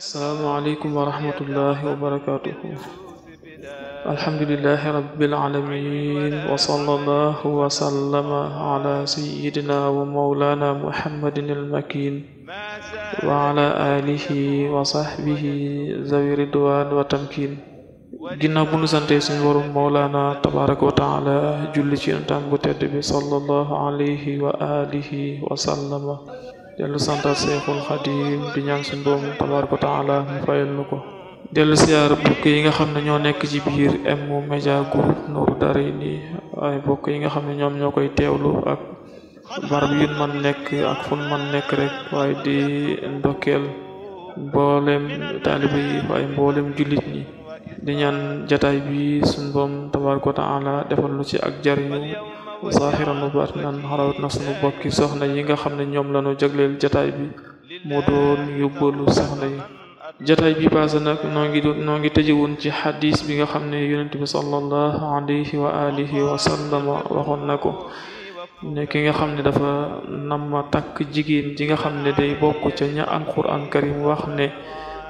asalaamaaleykum wa rahmatullahi wa barakaatuhu alamin wa sallallahu wa sallama wa mawlana muhammadin almakin wa ala alihi wa sahbihi zawi ridwan wa tamkin ginnaaw bu nu sante suñu warum wa taala julli ci yonentam bi sallallahu alayhi wa alihi wa sallama dellu santaat seexul xadim di ñaan suñ boobu tabaaraka taala mu nu ko dellu siyaar bokk yi nga xam ne ñoo nekk ci biir M-Media Group Nourou Darayni ay bokk yi nga xam ne ñoom ñoo koy teewlu ak barab yu man nekk ak fun man nekk rek way di ndokkeel mboolem taalibe yi waaye mboolem jullit ñi jataay bi suñ boobu tabaaraka taala defal nu ci ak jariñu zaahiran wa baatinan xarawat na sunu bokki soxna yi nga xam ne ñoom lañu jagleel jataay bi moo doon yóbbalu soxna yi jataay bi paase nag noo ngi noo ngi tëjewoon ci xadis bi nga xam ne yonent bi sallallahu alayhi wa alihi wa sallam waxoon na ko ki nga xam ne dafa nama takk jigéen ji nga xam ne day bokk ca ña alquran karim wax ne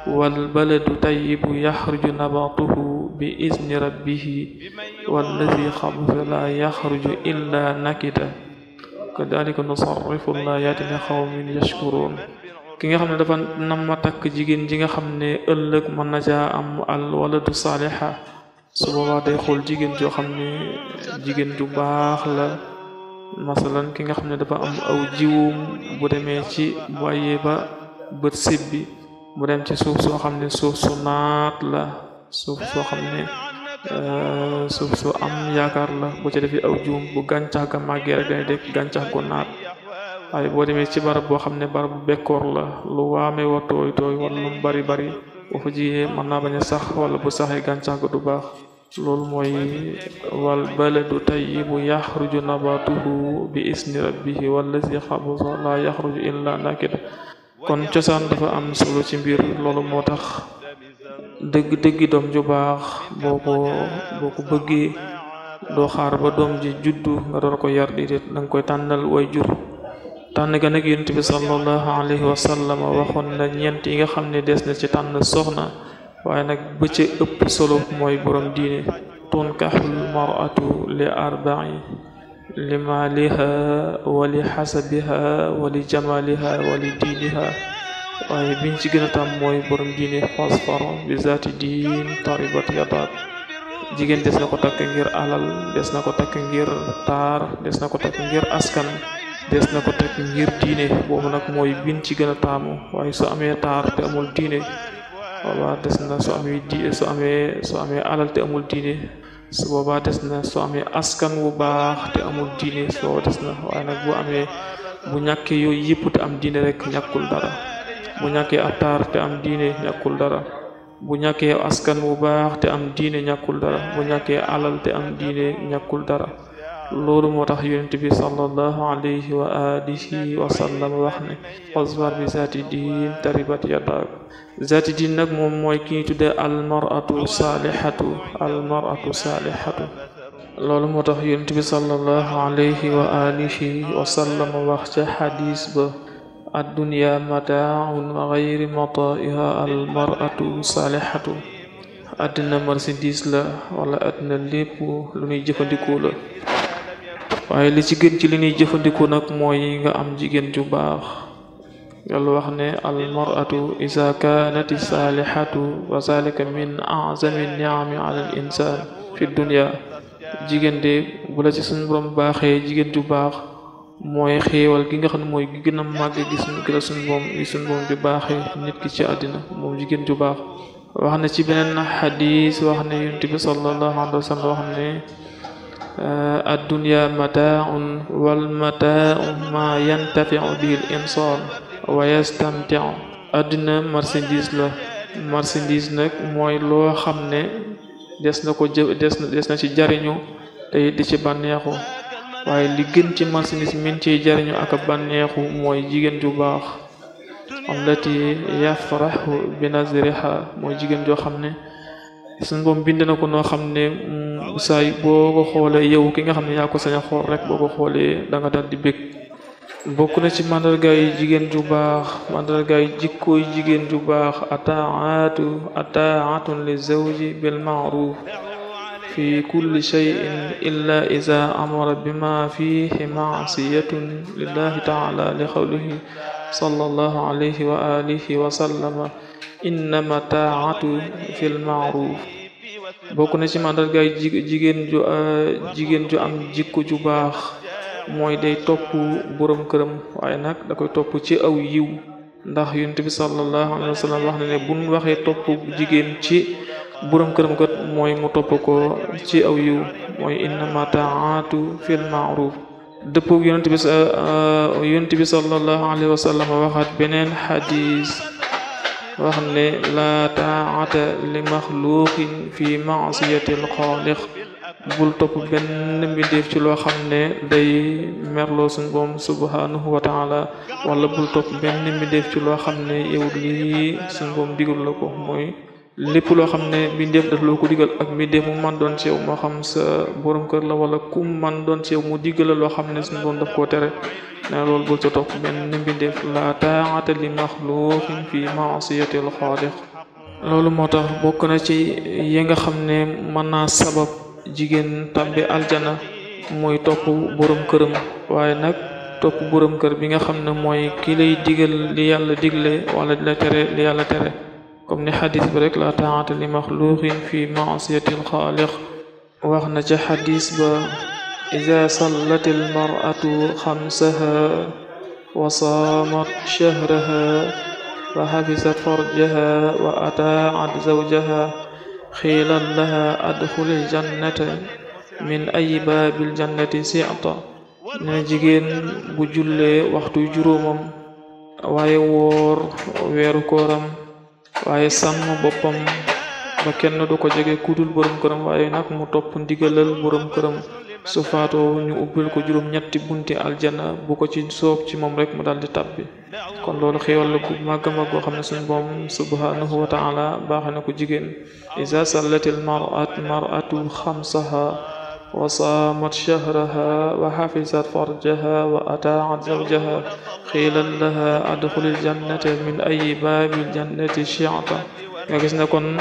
والبلد الطيب يخرج نباته بإذن ربه والذي خبث لا يخرج إلا نكدا كذلك نصرف xaw لقوم يشكرون ki nga xam ne dafa nam ma takk jigéen ji nga xam ne ëllëg mën na caa am al waladu saaliha su boobaa day xool jigéen joo xam ne jigéen ju baax la masalan ki nga xam ne dafa am aw jiwum bu demee ci bu ayee ba bët sibbi mu dem ci suuf soo xam ne suuf su naat la suuf soo xam ne euh, suuf su am yaakaar la bu ci defee aw juum bu gàncax ga màggee rek day dégg gàncax gu naat waaye boo demee ci barab boo xam ne barab bu bekkoor la lu waamee wa tooy tooy wala lu bari bari boo fa jiyee mën naa bañ a sax wala bu saxee gàncax ga du baax loolu mooy wal baladu tayyibu yaxruju nabatuhu bi isni rabbihi wallazi xabusa la yaxruju illa nakida kon cosaan dafa am solo ci mbir loolu moo tax dëgg dëggi doom ju baax boo ko ko bëggee doo xaar ba doom ji juddu nga door ko yar di da koy tànnal way jur tànn ga nag yonent bi sallallahu alayhi wa sallam waxoon na ñeent yi nga xam ne des na ci tànn soxna waaye nag ba ca ëpp solo mooy borom diine tunkaxul mar'atu li arba'i limaaliha wali xasabiha wali jamaliha wali diiniha waaye biñ ci gën a tàmm mooy borom diine phosphore bi zaati diin taribat yadaat jigéen des ko takk ngir alal des na ko takk ngir taar des na ko takk ngir askan des na ko takk ngir diine boobu nag mooy biñ ci gën a taamu waaye su amee taar te amul diine wala des na su amee di amee su amee alal te amul diine su boobaa des na soo amee askan wu baax te amul diine soo des na waaye nag amee bu ñàkkee yooyu yëpp te am diine rek ñàkkul dara bu ñàkkee attaar te am diine ñàkkul dara bu ñàkkee askan wu baax te am diine ñàkkul dara bu ñàkkee alal te am diine ñàkkul dara loolu moo tax yonent bi sallallahu alayhi wa alihi wa sallam wax ne wasbar bi zaati diin taribat yadaak zaati diin nag moom mooy ki ñu tuddee almaratu saalihatu almaratu saalihatu loolu moo tax yonent bi sallallahu alayhi wa alihi wa sallam wax ca xadiis ba addunya mataaun wa gayri mataa'iha almaratu saalihatu àddina marchandise la wala àddina lépp lu ñuy jëfandikoo la waaye li ci gën ci li ñuy jëfandikoo nag mooy nga am jigéen ju baax yàlla wax ne al mar'atu isa kaanat saalihatu min a'zami ni'ami ala al insan fi dunya jigéen de bu la ci suñu borom baaxee jigéen ju baax mooy xéewal gi nga xam ne mooy gi gën a màgg gi suñu gi la suñu borom gi suñu borom di baaxee nit ki ci àddina moom jigéen ju baax wax na ci beneen xadis wax ne yonent bi sallallahu alayhi wa sallam wax ne Eh, addunya mataaun wal mataau ma yantafiu bihi l waye wa yastamtiu adduna marchandise la marchandise nag mooy loo xam ne des na ko jë des na ci jariñu te it di ci bànneexu waaye li gën ci marchandise min ciy jariñu ak bànneexu mooy jigéen ju baax allati yafrahu bi nazriha mooy jigéen joo xam ne suñ boom bind na ko noo xam ne saay boo ko yow ki nga xam ne yaa ko sañ a xool rek boo ko xoolee da ci mandarga yi jigéen ju baax mandarga yi jikkooy ju baax ataatu ataatun li zawji bil ma'ruf fi kulli shay'in illa iza amara bima fihi ma'siyatun lillahi ta'ala li qawlihi sallallahu alayhi wa alihi wa sallama innama bokk na ci mandargaay jigéen ju ah, jigéen ju am jikko ju baax mooy day topp borom këram waaye nag da koy topp ci aw yiw ndax yont bi sallallahu alayhi wa sallam wax na ne buñ waxee topp jigéen ci borom këram kat mooy mu topp ko ci aw yiw mooy innama taatu fil ma'ruf dëppoog yonent bi ah, yonent bi sallallahu alayhi wa sallam waxaat beneen xadis wax ne laa taata li maxluuqin fi maasiyatil xaaliq bul topp benn mbindeef ci loo xam ne day merloo suñ boom subhanahu wa la wala bul topp benn mbindeef ci loo xam ne yow lii suñ boom digal la ko mooy lépp loo xam ne mbindeef daf loo ko digal ak mbindeef mu man doon ci moo xam borom kër la wala ku man doon ci mu digal loo xam ne suñ boom daf koo tere nee loolu bul ca topp benn mbindeef la taa'ata li maxluqin fi ma'siyati al-xaaliq loolu moo tax bokk na ci yi nga xam ne mën naa sabab jigéen tàbbi aljana mooy topp borom këram waaye nag topp boroom kër bi nga xam ne mooy ki lay digal li yàlla digle wala la tere li yàlla tere comme ni xadis bi rek la taa'ata li maxluqin fi ma'siyati al wax na ca xadis ba إذا صلت المرأة خمسها وصامت شهرها وحفظت فرجها وأطاعت زوجها قيل لها أدخل الجنة من أي باب الجنة شئت ne jigéen bu jullee waxtu juróomam waaye woor weeru kooram waaye boppam ba kenn du ko jege kudul borom këram waaye mu topp ndigalal borom su faatoo ñu ubbil ko juróom ñetti bunti aljana bu ko ci soob ci moom rek mu daal di tàbbi kon loolu xéewal la gu màgg xam ne suñu boom subhanahu wa taala baaxe na ko jigéen iza sallatil mar'at mar'atu xamsaha wa saamat shahraha wa xafisat farjaha wa ataat zawjaha xiilan laha adxulil jannata min ayi baabil jannati shi'ta nga gis ne kon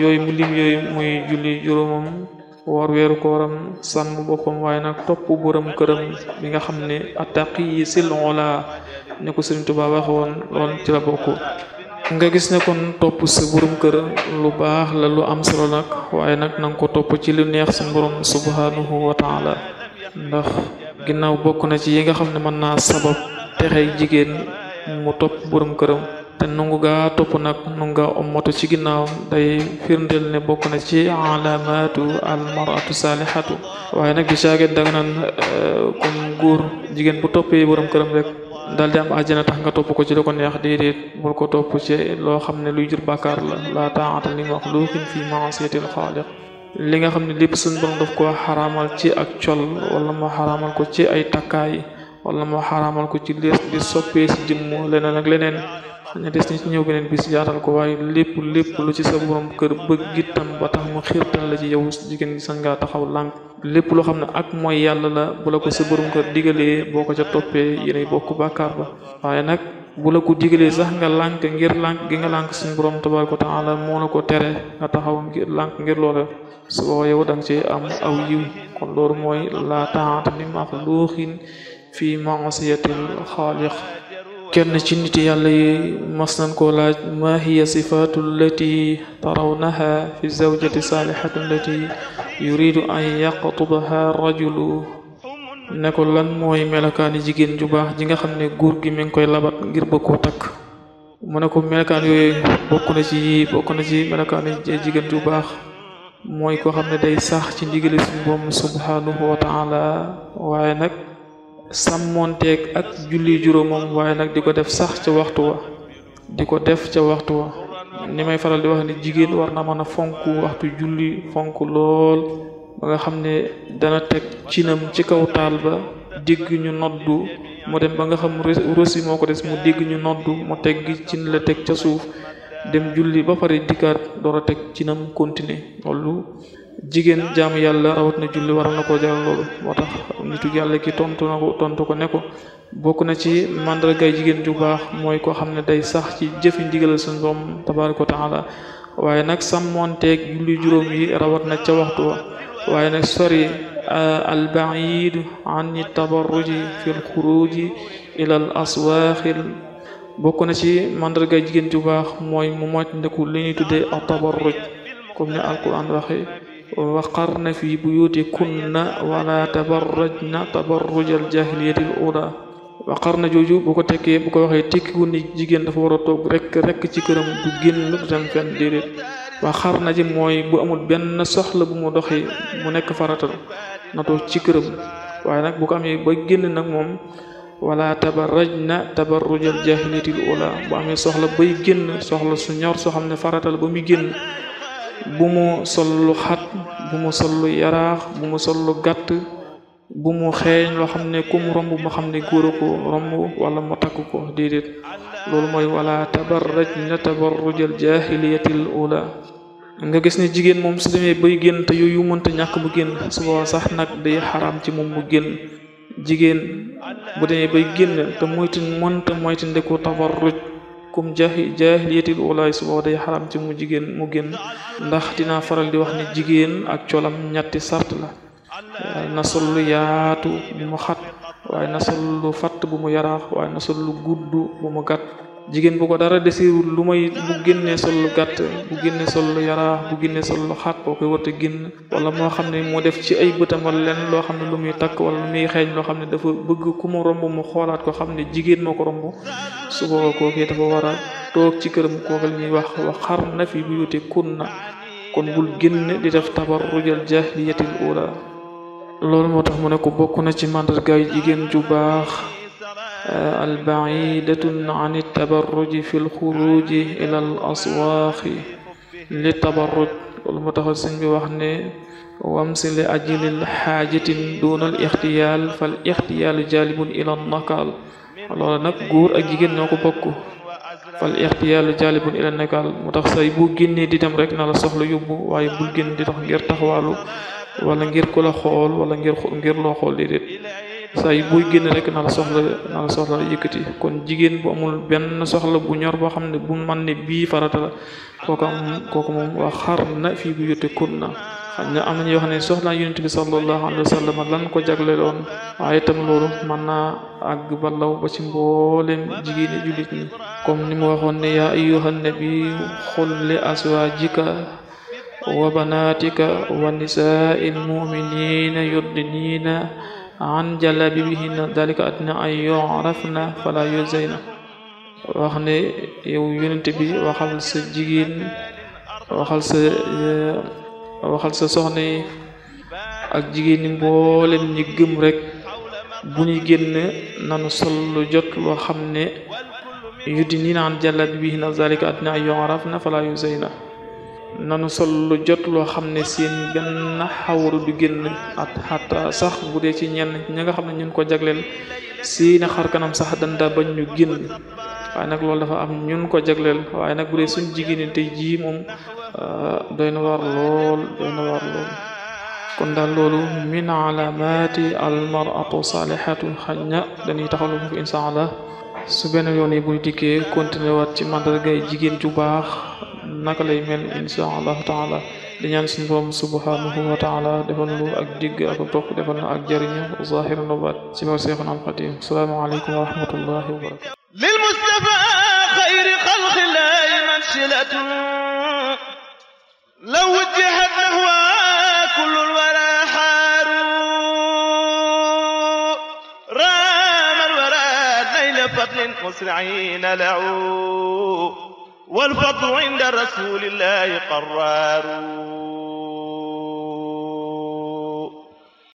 yooyu mu lim yooyu muy julli juróomam woor weeru kooram sàmm boppam waaye nag topp borom këram bi nga xam ne attaqi yi siloola ne ko Sëriñ Tuubaa waxoon lool ci la bokk nga gis ne kon topp sa borom kër lu baax la lu am solo nag waaye nag nanga ko topp ci lu neex sa borom subhanahu wa taala ndax ginnaaw bokk na ci yi nga xam ne mën naa sabab texey jigéen mu topp borom këram te nungu gaa topp nag nungu gaa ummatu ci ginnaaw day firndeel ne bokk na ci alaamaatu almaratu saalihatu waaye nag di caageen danga naan comme eh, góor jigéen bu toppee borom këram rek daal di am àjjana tax nga topp ko ci lu neex déedéet bul ko topp ci loo xam ne luy jur bàkkaar la laa taa'ata li maxluqin li nga xam ne lépp suñ borom daf ko xaramal ci ak col wala moo xaraamal ko ci ay takkaay wala moo xaraamal ko ci lees di soppee leneen ak leneen xëy na des nañ ci ñëw beneen bis yaatal ko waaye lépp lépp lu ci sa borom kër bëgg itam ba tax mu xiirtal la ci yow jigéen gi sañ ngaa taxaw lànk lépp loo xam ne ak mooy yàlla la bu la ko sa borom kër digalee boo ko ca toppee yéenay bokk bàkkaar ba waaye nag bu la ko digalee sax nga lànk ngir lànk gi nga lànk suñu borom tabaraka taala moo na ko teree nga taxaw ngir lànk ngir loola su boo yow danga ci am aw yiw kon loolu mooy la taa'ata li maxluuqin fi ma'siyatil xaaliq kenn ci nit yàlla yi mas nañ laaj ma hiya sifaatu allati tarawnaha fi zawjati saalihati allati yuridu an yaqtubaha rajulu ne ko lan mooy melokaani jigéen ju baax ji nga xam ne góor gi mi ngi koy labat ngir bëgg ko takk mu ne ko melokaan yooyu na ci yi bokk melokaani jigéen ju baax mooy ko xam ne day sax ci ndigali suñu boom wa taala waaye nag sàmmonteeg ak julli juróomam waaye nag di ko def sax ca waxtu wa di ko def ca waxtu wa ni may faral di wax ni jigéen war na mën a fonk waxtu julli fonk lool ba nga xam ne dana teg cinam ci kaw taal ba dégg ñu noddu mu dem ba nga xam rosi moo ko des mu dégg ñu noddu mu teg ci la teg ca suuf dem julli ba pare dikkaat door a teg ci cinam continuer loolu jigéen jaamu yàlla rawat na julli waral na koo jaral loolu moo tax nitu yàlla ki tontu na ko tontu ko ne ko bokk na ci màndargaay jigéen ju baax mooy koo xam ne day sax ci jëfi ndigalal suñu borom tabaaraka wa taala waaye nag sàmmoonteeg julli juróom yi rawat na ca waxtu wa waaye nag sori al baid an tabarruji fi l xuruji ila al bokk na ci màndargaay jigéen ju baax mooy mu ndeku li ñuy tuddee ak tabarruj comme ni alquran waxee waqarna fi buyutikunna wala tabarrajna tabarrujal jahiliyatil ula waqarna jooju bu ko tekkee bu ko waxee tekkiwu ni jigéen dafa war a toog rek rek ci këram du génn du dem fenn déedéet waqarna ji mooy bu amul benn soxla bu mu doxee mu nekk faratal na toog ci këram waaye nag bu ko amee ba génn nag moom wala tabarrajna tabarrujal jahiliyatil ula bu amee soxla bay génn soxla su ñor soo xam ne faratal ba muy génn bu mu sol lu xat bu mu sol lu yaraax bu mu sol lu gàtt bu mu xeeñ loo xam ne kum romb mu xam ne góor romb wala mu takk ko déedéet loolu mooy wala tabarrajna tabarrujal jahiliyatil ula nga gis ne jigéen moom su demee bay génn te yooyu mënta ñàkk mu génn su boobaa sax nag day xaraam ci moom bu génn jigéen bu demee bay génn te moytu mënta moytu ndeku tabarruj kum jahi jaahiliyatil ulaay suba day xaram ci mu jigéen mu génn ndax dinaa faral di wax ne jigéen ak colam ñetti sart la na sol lu yaatu bu mu xat waaye na lu fatt bu mu yaraax waaye na sol lu gudd bu mu gàtt jigéen bu ko dara desewul lu may bu génnee sol lu gàtt bu génnee sol lu yaraa bu génnee sol lu xat boo koy war génn wala moo xam ne moo def ci ay bëtam wala lenn loo xam ne lu muy takk wala lu muy xeeñ loo xam ne dafa bëgg ku mu romb mu xoolaat ko xam ne jigéen moo ko romb su boobaa kookee dafa war toog ci këram kooku la ñuy wax wa xar na fi bu yute kun na kon bul génn di def tabarrujal jaahiliyatil ula loolu moo tax mu ne ko bokk na ci màndargaayu jigéen ju baax البعيدة عن التبرج في الخروج إلى الأسواق للتبرج المتخصص بوحني وامس لأجل حاجة دون الاختيال فالاختيال جالب إلى النقل loolu nag góor ak jigéen ñoo ko bokk fal ixtiyaalu jaalibun ila nakaal mu tax say bu génnee di rek na la soxla yóbbu waaye bul génn di ngir taxawaalu wala ngir ku xool wala ngir loo xool déedéet saa yi buy génn rek na la soxla na kon jigéen bu amul benn soxla bu ñor boo xam ne bu man ne bii farata la kooku am moom waa xar na fii bu yotte kun na xam ne am nañuy wax ne soxlaa yonent bi sallallahu alayhi lan ko jagle loon waaye itam loolu mën naa àgg balaw ba ci mboolem jigéen ñi jullit ñi comme ni mu waxoon ne yaa ayyuhan nabi xul li wa banaatika wa nisaa'il mu'miniina yudniina an jalabibihinna dalika adna ay yu'rafna fala yuzayna wax ne yow yonent bi waxal sa jigéen waxal sa waxal sa soxna yi ak jigéen ñi mboolem ñi gëm rek bu ñu génn nanu sol lu jot loo xam ne yudnina an a dalika adna ay yu'rafna fala yuzayna nanu sol lu jot loo xam ne seen benn xawru du génn at xata sax bu dee ci ñenn ña nga xam ne ñun ko jagleel seen xar kanam sax danda bañ ñu génn waaye nag loolu dafa am ñun ko jagleel waaye nag bu dee suñ jigéen ñi tey jii moom ah, doy na war lool doy na war lool kon daal loolu min alamati almaratu salihatu xaj na dañuy taxalu ko allah su benn yoon yi buy dikkee continuer waat ci mandargay jigéen ju baax naka lay mel insha allahu taala di ñaan suñu borom subhanahu wa taala defal lu ak digg ak topp defal na ak jëriñu zahiran wa baat ci ma seexul am xatim salaamu aleykum wa rahmatullahi wa barakatu lil mustafa xayri xalqi laahi mansilatu law wajjahat nahwa kullul wara xaaru raamal wara nayla fadlin musriina lahu والفضل عند رسول الله قرار